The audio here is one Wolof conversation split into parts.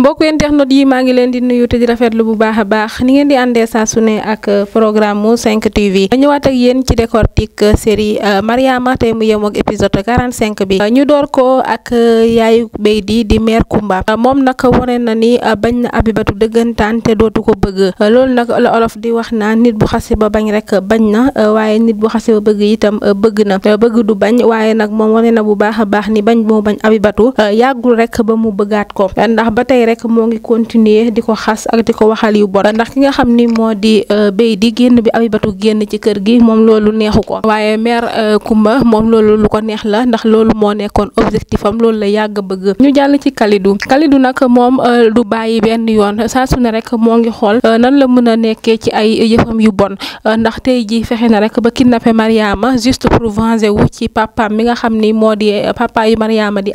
mbokk internet yi ma ngi len di nuyu te di rafetlu bu baax baax ni ngeen di àndee sa suné ak programme 5 TV ñu ñëwaat ak yeen ci tik série euh, Mariama tay mu yëm ak épisode 45 bi ñu door ko ak euh, yaayu Beydi di mère Kumba mom nak woné na ni euh, bañ na Abibatu dëggantaan te dootu ko bëgg lool nak la olof di wax na nit bu xase ba bañ rek bañ na waye nit bu xase ba bëgg itam bëgg na bëgg du bañ waye nak mom woné na bu baax ni bañ moo bañ Abibatu yàggul rek ba mu bëggaat ko ndax batay rek moo ngi continuer di ko xas ak di ko waxal yu bon ndax ki nga xam ni moo di euh, béy di génn bi abibatu génn ci kër gi moom loolu neexu ko waaye mère Kumba euh, moom loolu lu ko neex la ndax loolu moo nekkoon objectif am loolu la yàgg bëgg ñu jàll ci Kalidou Kalidou nag moom euh, du bàyyi benn yoon saa su rek moo ngi xool nan la mën a nekkee ci ay yëfam yu bon ndax tey ji fexe na rek ba kidnappé Mariama juste pour venger wu ci papaam mi nga xam ni moo di papa yu Mariama di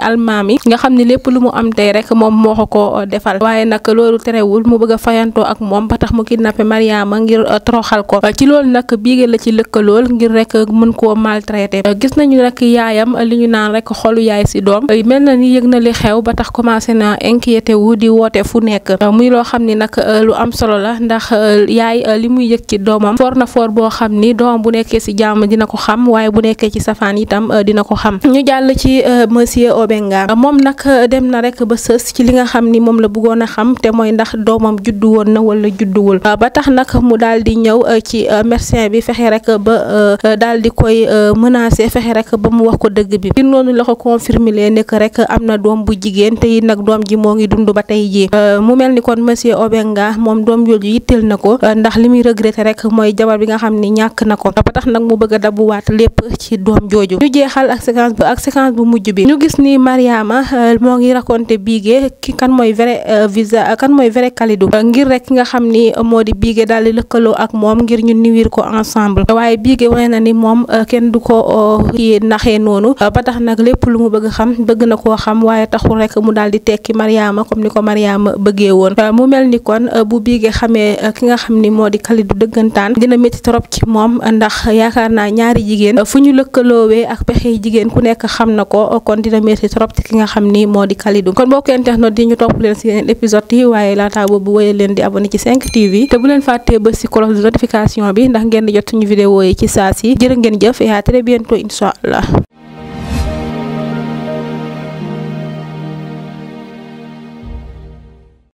ko defal waaye nag loolu terewul mu bëgg a fayantoo ak moom ba tax mu kidnappé Mariama ngir uh, toroxal ko uh, ci loolu nag biige la ci lëkkalool ngir rek uh, mën koo maltraité gis nañu rek yaayam li ñu naan rek xolu yaay si doom mel na ni yëg na li xew ba tax commencé na inquiété wu di woote fu nekk muy loo xam ni nag lu am solo la ndax yaay li muy yëg ci doomam foor na foor boo xam ni doom bu nekkee si jàmm dina ko xam waaye bu nekkee ci safaan itam dina ko xam ñu jàll ci monsieur Obenga moom la bëggoon a xam te mooy ndax doomam juddu woon na wala judduwul ah, ba tax nag mu daal di ñëw euh, ci euh, médecin bi fexe rek ba euh, daal di koy menacer fexe rek ba mu wax ko dëgg bi ngir noonu la ko confirmer lee nekk rek am na doom bu jigéen te it nag doom ji moo ngi dund ba tey jii mu mel ni kon monsieur Obenga moom doom jooju yitteel na ko ndax li muy regretté rek mooy jabar bi nga xam ni ñàkk na ko ba tax nag mu bëgg a dabuwaat lépp ci doom jooju ñu jeexal ak séquence vrai euh, visa euh, kan mooy vrai Kalidou euh, ngir rek ki nga xam ni moo di Bigué daal di lëkkaloo ak moom ngir ñu niwir ko ensemble waaye biige wane na ni moom kenn du ko kii naxee noonu ba tax nag lépp lu mu bëgg xam bëgg na koo xam waaye taxul rek mu daal di tekki Mariama comme ni ko Mariama bëgge woon mu mel ni kon bu Bigué xamee ki nga xam ni moo di Kalidou dëggantaan dina métti trop ci moom ndax yaakaar naa ñaari jigéen fu ñu lëkkaloowee ak pexe jigéen ku nekk xam na ko kon dina métti ki nga xam ni moo di Kalidou leen si yeneen épisode yi waaye laataa boobu woyee leen di abonné ci 5 TV te bu leen fàttee ba si de notification bi ndax ngeen di jot suñu vidéo yi ci saa si ngeen jëf et à très bientôt incha allah